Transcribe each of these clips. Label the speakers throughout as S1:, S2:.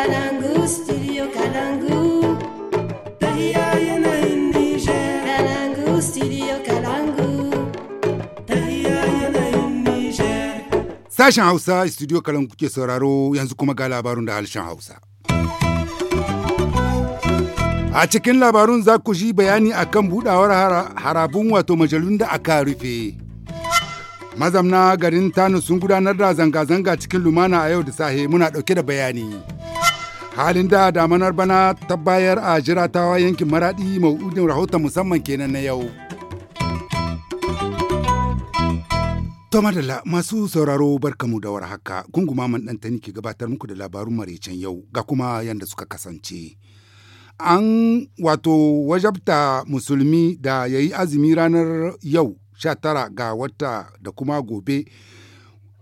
S1: Kalangu,
S2: Sashen Hausa, studio Kalangu kuke sauraro yanzu kuma ga labarun da harshen Hausa. A cikin labarun za ku ji bayani a kan buɗawar harabun wato majalun da aka rufe. Mazamna garin Tano sun gudanar da zanga-zanga cikin lumana a yau da sahe muna ɗauke da bayani. halin da damanar bana ta bayar a jiratawa yankin maradi maudin rahoton musamman kenan na yau. Tomadala masu sauraro barkamu da war haka gunguma man ɗantani ke gabatar muku da labarun maraicen yau ga kuma yadda suka kasance. An wato wajabta musulmi da ya yi azumi ranar yau 19 ga wata da kuma gobe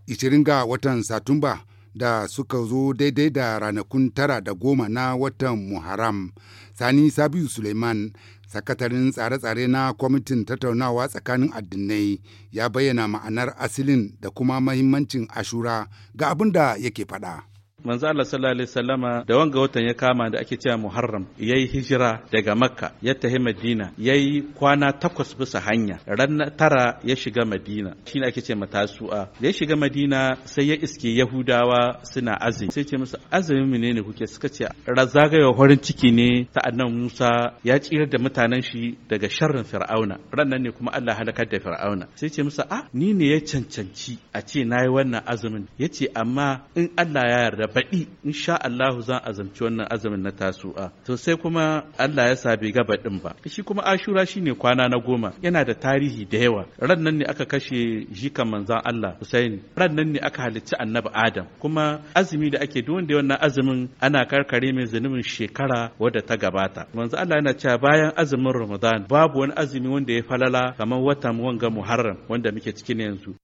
S2: 20 ga watan Satumba da suka zo daidai da ranakun tara da goma na watan Muharram. Sani Sabiu Suleiman, sakatarin tsare-tsare na kwamitin tattaunawa tsakanin addinai ya bayyana ma'anar asilin da kuma mahimmancin ashura ga abin da yake faɗa.
S3: manzo Allah sallallahu alaihi wasallama da wanga watan ya kama da ake cewa Muharram yayi hijira daga Makka ya tafi Madina yayi kwana takwas bisa hanya ran tara ya shiga Madina shine ake ce matasu'a ya shiga Madina sai ya iske Yahudawa suna azumi sai ce musu azumi menene kuke suka ce razagayewa horin ciki ne ta annabi Musa ya tsira da mutanen shi daga sharrin Fir'auna ran nan ne kuma Allah halakar da Fir'auna sai ce musu a ah, ni ne ya cancanci a ce nayi wannan azumin yace amma in Allah ya yarda baɗi sha Allahu zan azamci wannan azumin na tasu'a to kuma Allah ya sa bai gaba din ba shi kuma Ashura shine kwana na goma yana da tarihi da yawa ran nan ne aka kashe jikan manzan Allah Usaini, ran nan ne aka halicci Annabi Adam kuma azumi da ake duk wanda wannan azumin ana karkare mai zunubin shekara wadda ta gabata manzan Allah yana cewa bayan azumin Ramadan babu wani azumi wanda ya falala kamar watan wanga Muharram wanda muke cikin yanzu.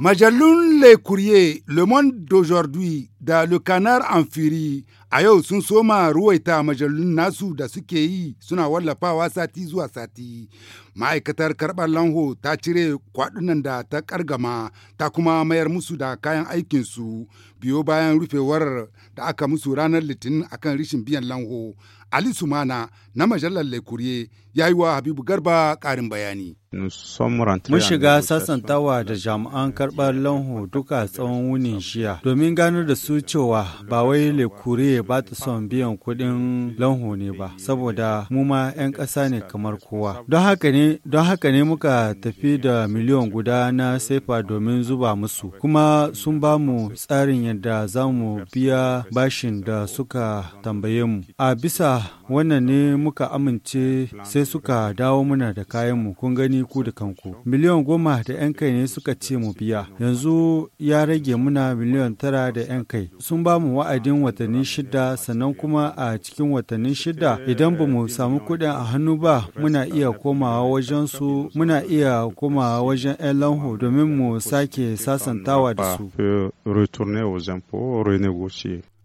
S2: Majallun Le Courrier, Le Monde d'aujourd'hui da Le Canard en furie a yau sun soma ruwaita majalun nasu da suke yi suna wallafawa sati zuwa sati. Ma'aikatar karɓar lanho ta cire kwaɗunan da ta ƙargama ta kuma mayar musu da kayan aikin su. biyo bayan rufewar da aka musu ranar litinin akan rishin biyan lanho. Ali Sumana na majallar Le Courrier ya yi wa Habibu Garba ƙarin bayani.
S4: Mun
S1: shiga sasantawa da jami'an karɓar lanho duka tsawon wunin shiya domin gano da su cewa ba wai lekure ba ta son biyan kuɗin lanho ne ba saboda mu ma 'yan ƙasa ne kamar kowa. Don haka ne don haka muka tafi da miliyon guda na sefa domin zuba musu kuma sun ba mu tsarin yadda za mu biya bashin da suka tambaye mu. A bisa wannan ne muka amince sai suka dawo muna da kayanmu kun gani ku da kanku miliyan goma da 'yan kai ne suka ce mu biya yanzu ya rage muna miliyan tara da 'yan kai sun ba mu wa'adin watanni shida sannan kuma a cikin watanni shida idan ba mu samu kuɗin a hannu ba muna iya komawa wajen su muna iya komawa wajen 'yan lanho domin mu sake sasantawa
S4: da su euh,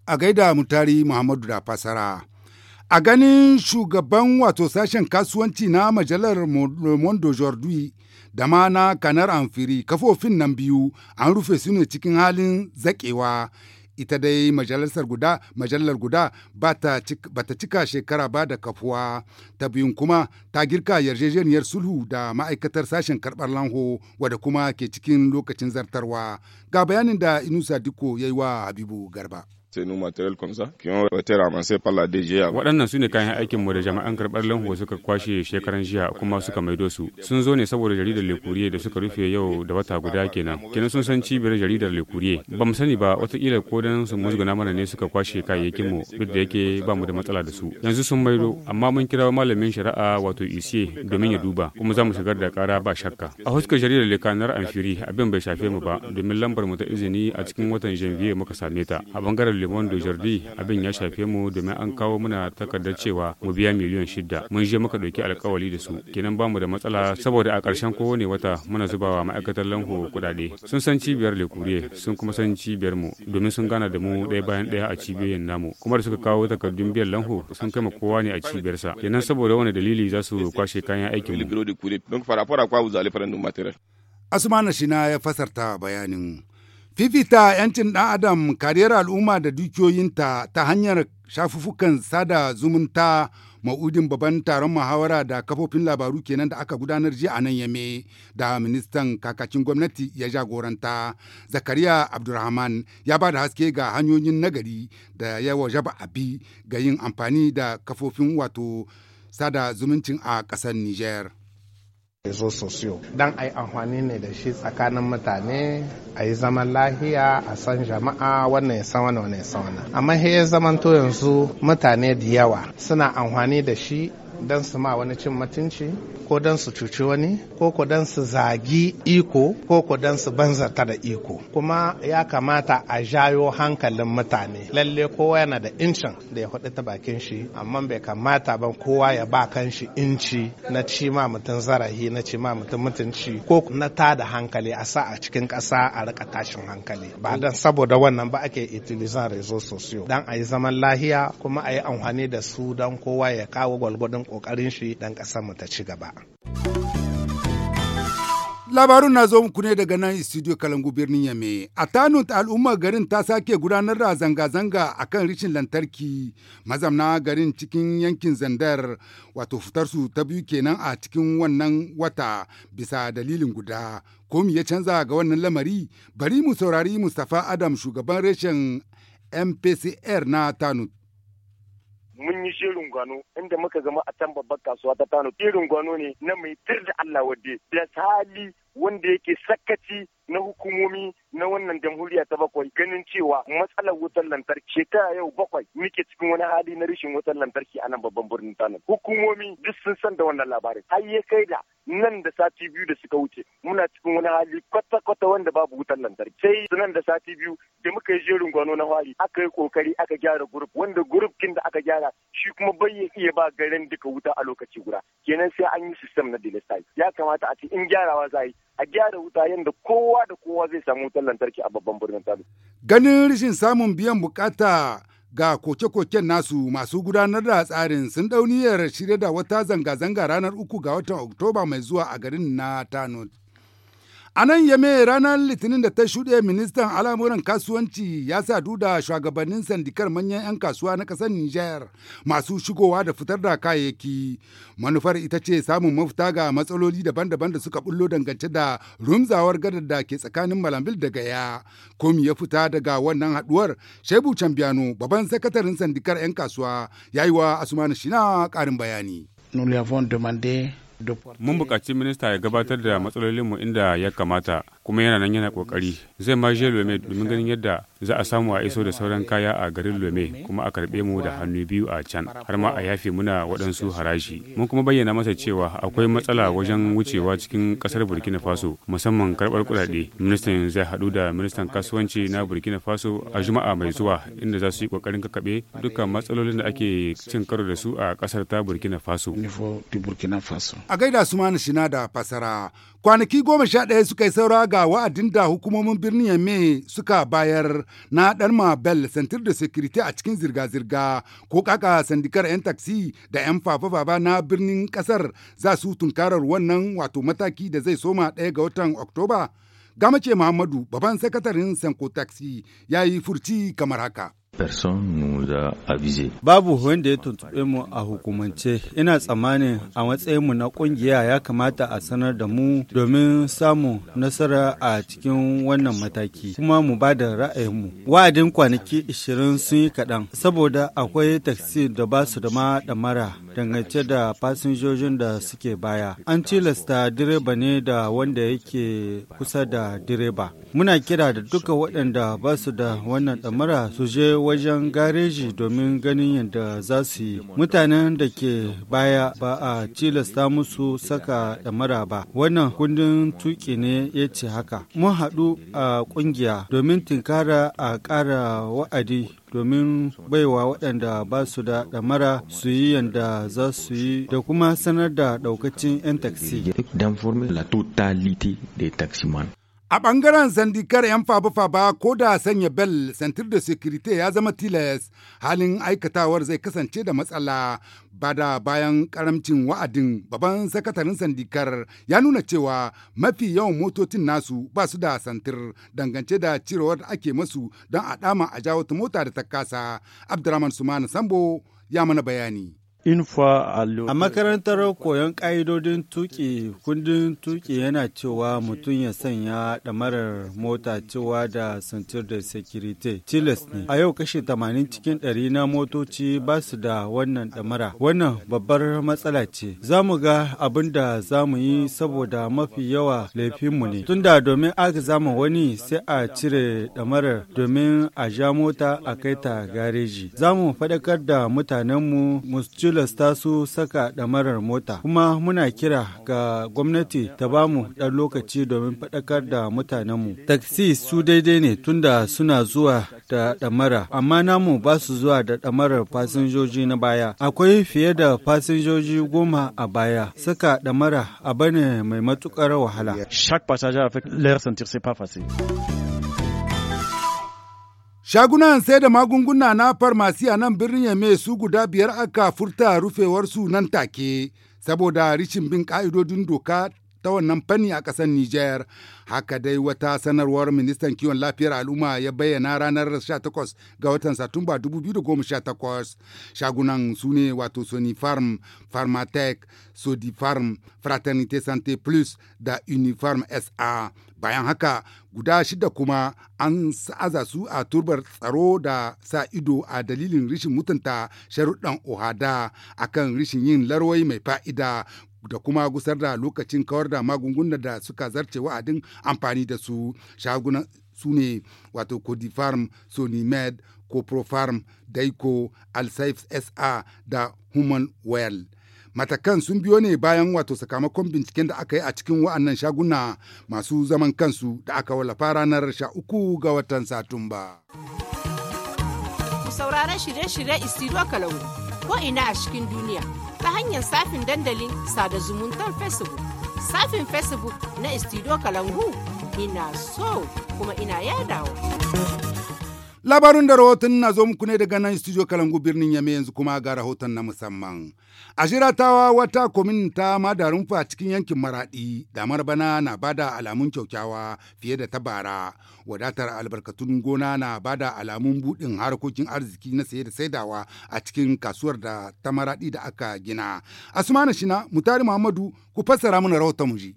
S2: a gaida mutari muhammadu da fasara A ganin shugaban wato sashen kasuwanci na majalar Mondo Jordi da ma na kanar amfiri kafofin nan biyu an rufe su ne cikin halin zaƙewa. Ita dai majalisar guda majalar guda ba ta cika shekara ba da kafuwa ta biyun kuma ta girka yarjejeniyar sulhu da ma'aikatar sashen karɓar lanho wadda kuma ke cikin lokacin zartarwa ga bayanin da inusa diko ya yi wa habibu garba.
S4: Waɗannan su ne kayan mu da jama'an karɓar lanho suka kwashe shekaran jiya kuma suka maido su. Sun zo ne saboda jaridar Lekuriye da suka rufe yau da wata guda kenan. Kenan sun san cibiyar jaridar Lekuriye. Ba mu sani ba watakila ko dan su musguna mana ne suka kwashe kayayyakin mu duk da yake ba mu da matsala da su. Yanzu sun maido amma mun kira malamin shari'a wato ICA domin ya duba kuma za mu shigar da kara ba shakka. A huskar jaridar Lekanar Amfiri abin bai shafe mu ba domin lambar mu ta izini a cikin watan Janvier muka same ta. A bangaren lemon dojardi abin ya shafe mu domin an kawo muna takardar cewa mu biya miliyan shida mun je muka ɗauki alkawali da su kenan bamu da matsala saboda a ƙarshen kowane wata muna zubawa ma'aikatar lanho kuɗaɗe sun san cibiyar lekure sun kuma san cibiyar mu domin sun gana da mu ɗaya bayan ɗaya a cibiyoyin namu kuma da suka kawo takardun biyan lanho sun kai ma kowa ne a cibiyarsa kenan saboda wani dalili za su kwashe kayan aikin mu.
S2: Asmana Shina ya fasarta bayanin Fifita 'yancin ɗan Adam, kariyar al'umma da dukiyoyinta ta hanyar shafufukan sada zumunta ma'udin babban taron muhawara da kafofin labaru kenan da aka gudanar jiya a nan yame da ministan kakakin gwamnati ya jagoranta zakariya abdulrahman ya ba da haske ga hanyoyin nagari da ya wajaba abi ga yin amfani da kafofin wato sada zumuncin a ƙasar niger rezo sosiyo dan a yi amfani ne da shi tsakanin mutane a yi zaman lahiya a san jama'a wannan ya san wannan wannan ya wannan amma ya zamanto yanzu mutane da yawa suna amfani da shi don su ma wani cin mutunci ko don su cuci wani ko ko don su zagi iko ko ko don su banzarta da iko kuma ya kamata a jayo hankalin mutane lalle kowa yana da incin da ya hudu ta bakin shi amma bai kamata ban kowa ya ba kan shi inci na ci ma mutum zarahi na ci ma mutum mutunci ko na ta da hankali a sa a cikin ƙasa a rika tashin hankali ba dan saboda wannan ba ake itilizan rezo sosai. dan a yi zaman lahiya kuma a yi amfani da su dan kowa ya kawo gwalgwadon kokarin shi dan kasar mu ta ci gaba labarun na zo muku ne daga nan studio kalangu birnin yame a tanut al'umma garin ta sake gudanar da zanga-zanga a kan rishin lantarki mazamna garin cikin yankin zandar wato fitarsu ta biyu kenan a cikin wannan wata bisa dalilin guda komi ya canza ga wannan lamari bari mu saurari mustapha adam shugaban reshen mpcr na tanut
S1: mun yi shirin gwano inda muka zama a can babbar kasuwa ta Kano. Shirin gwano ne na mai tir da Allah wadde da sali wanda yake sakaci na hukumomi na wannan jamhuriya ta bakwai ganin cewa matsalar wutar lantarki shekara yau bakwai muke cikin wani hali na rashin wutar lantarki a nan babban birnin Kano. Hukumomi duk sun san da wannan labarin. Har ya kai da nan da sati biyu da suka wuce muna cikin wani hali kwata-kwata wanda babu wutar lantarki. Sai nan da sati biyu da muka yi jerin gwano na hali aka yi kokari aka gyara gurup wanda gurup kin da aka gyara shi kuma bai ya iya ba garin duka wuta a lokaci guda. Kenan sai an yi sistem na delestai. Ya kamata a ce in gyarawa za a yi a gyara wuta yadda kowa da kowa zai samu wutar lantarki a
S2: babban birnin Kano. Ganin rashin samun biyan bukata ga koke-koken nasu masu gudanar da tsarin sun dauniyar shirya da wata zanga-zanga ranar uku ga watan Oktoba mai zuwa a garin na Tanut. A nan yame ranar Litinin da ta shuɗe ministan al'amuran kasuwanci ya sa duda shugabannin sandikar manyan 'yan kasuwa na ƙasar Nijar masu shigowa da fitar da kayayyaki. Manufar ita ce samun mafita ga matsaloli daban-daban da suka bullo dangance da rumzawar gadar da ke tsakanin Malambil da Gaya. Komi ya fita daga wannan haɗuwar Shebu Cambiano babban sakataren sandikar 'yan kasuwa ya yi wa Asumani Shina ƙarin bayani. Nous lui avons demandé Mun
S4: bukaci minista ya gabatar da matsalolinmu inda ya kamata kuma yana nan yana ƙoƙari. Zai ma je Lome domin ganin yadda za a samu a iso da sauran kaya a garin Lome kuma a karɓe mu da hannu biyu a can har ma a yafe muna waɗansu haraji. Mun kuma bayyana masa cewa akwai matsala wajen wucewa cikin ƙasar Burkina Faso musamman karɓar kuɗaɗe. Ministan zai haɗu da ministan kasuwanci na Burkina Faso a Juma'a mai zuwa inda za su yi ƙoƙarin kakaɓe dukkan matsalolin da ake cin karo da su a ƙasar ta Burkina Faso.
S2: a gaida su mana shina da fasara. Kwanaki goma sha ɗaya suka yi saura ga wa'adin da hukumomin birnin Yamme suka bayar na ɗan Bell Center da Security a cikin zirga-zirga ko kaka sandikar 'yan taksi da 'yan fafa-fafa na birnin ƙasar za su tunkarar wannan wato mataki da zai soma ɗaya ga watan Oktoba. Gamace Muhammadu, babban sakatarin Sanko Taxi, ya yi furci kamar haka. Babu
S1: wanda ya tuntuɓe mu a hukumance, ina tsammanin a matsayinmu na ƙungiya ya kamata a sanar da mu domin samun nasara a cikin wannan mataki, kuma mu ba da ra'ayinmu. Wa'adin kwanaki 20 sun yi kaɗan, saboda akwai taksi da ba su da ma ɗamara dangance da fasinjojin da suke baya. An tilasta direba ne da wanda yake kusa da direba. Muna kira da duka waɗanda ba su da wannan ɗamara su je wajen gareji domin ganin yadda za su yi. Mutanen da ke baya ba a tilasta musu saka ɗamara ba. Wannan kundin tuki ne ya ce haka. Mun haɗu a ƙungiya domin tinkara a ƙara wa'adi domin baiwa waɗanda ba su da ɗamara su yi yanda za su yi da kuma sanar da ɗaukacin 'yan taxi.
S2: A bangaren sandikar 'yan faba-faba ko da sanya bel santir da sekirite ya zama tilas halin aikatawar zai kasance da matsala ba da bayan karamcin wa'adin babban sakatarin sandikar ya nuna cewa mafi yawan motocin nasu ba su da santir dangance da cirewar da ake masu don a dama a jawo mota da ta kasa. Abdurrahman Sumana Sambo ya mana bayani.
S1: infa A makarantar koyon ƙa'idodin tuƙi, kundin tuƙi yana cewa mutum ya sanya ɗamarar mota cewa da santir da sekirite tilas ne. A yau kashe 80 cikin 100 na motoci ba su da wannan ɗamara. Wannan babbar matsala ce. Za mu ga abin da za mu yi saboda mafi yawa laifinmu ne. Tunda domin aka zama wani sai a cire ɗamarar domin a ja mota a kai ta gareji. Za mu faɗakar da mutanenmu mu tilasta su saka ɗamarar mota. Kuma muna kira ga gwamnati ta ba mu ɗan lokaci domin faɗakar da mutanenmu. Taksi su daidai ne tunda suna zuwa da ɗamara, amma namu ba su zuwa da ɗamarar fasinjoji na baya. Akwai fiye da fasinjoji goma a baya. Saka ɗamara a ne mai matuƙar wahala. Chaque passager sentir c'est pas facile.
S2: Shagunan sai da magunguna na farmasi a nan birnin Yame su guda biyar aka furta rufewarsu nan take, saboda rishin bin ƙa'idodin doka ta wannan fanni a ƙasar Nijar. Haka dai wata sanarwar ministan kiwon lafiyar al'umma ya bayyana ranar 18 ga watan Satumba 2018. Shagunan su ne wato Sony Farm, Pharmatech, farm Fraternité Santé Plus da Unifarm SA. Bayan haka guda shida kuma an sa'aza su a turbar tsaro da sa ido a dalilin rishin mutunta sharuɗan ohada akan rishin yin larwai mai fa'ida da kuma gusar da lokacin kawar da magungunan da suka zarce wa'adin amfani da su shagunan su ne wato codifarm sonimed coprofarm daiko alsaif sa da human well matakan sun biyo ne bayan wato sakamakon binciken da aka yi a cikin wa'annan shaguna masu zaman kansu da aka wallafa ranar uku ga watan satumba. sauraron shirye-shirye istiro kalau ko ina a cikin duniya ta hanyar safin dandalin sada zumuntar facebook
S1: safin facebook na istido kalangu ina so kuma ina yadawa.
S2: labarun da rahoton na zo muku ne daga nan studio Kalangu birnin Yame yanzu kuma ga rahoton na musamman. A shiratawa wata komin ta rumfa cikin yankin Maraɗi, damar bana na bada alamun kyaukyawa fiye da ta bara. Wadatar albarkatun gona na bada alamun buɗin harkokin arziki na saye da saidawa a cikin kasuwar da ta Maraɗi da aka gina. Asmana Shina, Mutari Muhammadu, ku fassara mana rahoton mu ji.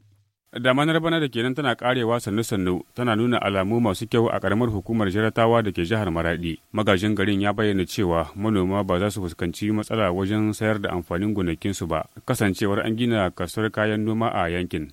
S4: manar bana da kenan tana karewa sannu-sannu tana nuna alamu masu kyau a karamar hukumar jaratawa da ke jihar maradi magajin garin ya bayyana cewa manoma ba za su fuskanci matsala wajen sayar da amfanin gonakinsu ba kasancewar an gina kasuwar kayan noma a yankin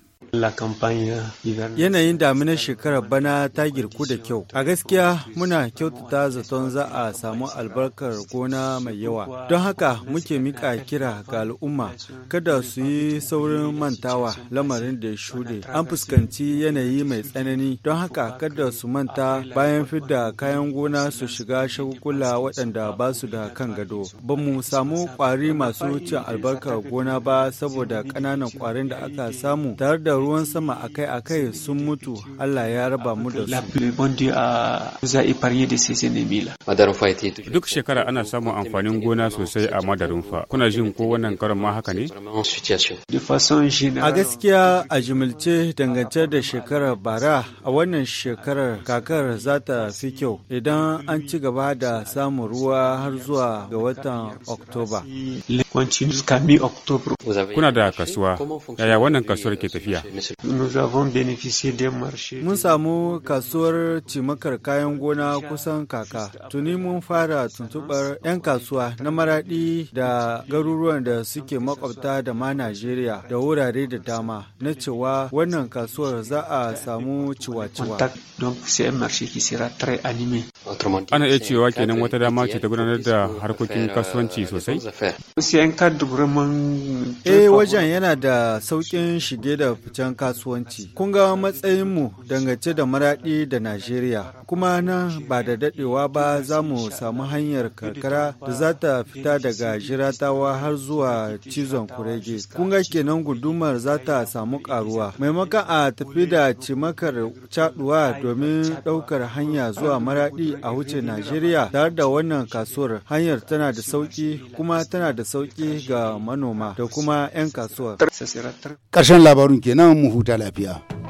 S1: Yanayin daminar shekarar bana ta girku da kyau. A gaskiya muna kyautata zaton za a samu albarkar gona mai yawa. Don haka muke miƙa kira ga al'umma kada su yi saurin mantawa lamarin da ya shuɗe. An fuskanci yanayi mai tsanani don haka kada su manta bayan fidda kayan gona su shiga shagugula waɗanda ba su da kan gado. Ba mu samu ƙwari masu cin albarkar gona ba saboda ƙananan ƙwarin da aka samu tare da da ruwan sama akai-akai sun mutu Allah ya raba mu da su.
S4: Euh, Duk shekara ana samun amfanin gona sosai a madarunfa. Kuna jin ko wannan karon ma haka ne? A
S1: gaskiya a jimilce dangance da shekarar bara a wannan shekarar kakar za ta fi kyau idan an ci gaba da samun ruwa har zuwa ga watan Oktoba.
S4: Kuna da kasuwa, yaya wannan kasuwar ke tafiya?
S1: Mun samu kasuwar cimakar kayan gona kusan kaka. Tuni mun fara tuntubar 'yan kasuwa na maraɗi da garuruwan da suke makwabta da ma Najeriya da wurare da dama na cewa wannan kasuwar za a samu ciwa-ciwa.
S4: Ana iya cewa kenan wata dama ce ta gudanar da harkokin kasuwanci sosai?
S3: Eh wajen
S1: yana da sauƙin shige da ficen kasuwanci. Kun ga matsayinmu dangance da maraɗi da Najeriya, kuma nan ba da daɗewa ba za mu samu hanyar karkara da za ta fita daga jiratawa har zuwa cizon kurege. Kun ga kenan gudumar za ta samu ƙaruwa. Maimakon a tafi da cimakar caɗuwa domin ɗaukar hanya zuwa maraɗi a wuce Najeriya tare da wannan kasuwar hanyar tana da sauƙi kuma tana da sauƙi ga manoma da kuma 'yan kasuwar.
S2: Ƙarshen labarun ke kenan mu huta lafiya.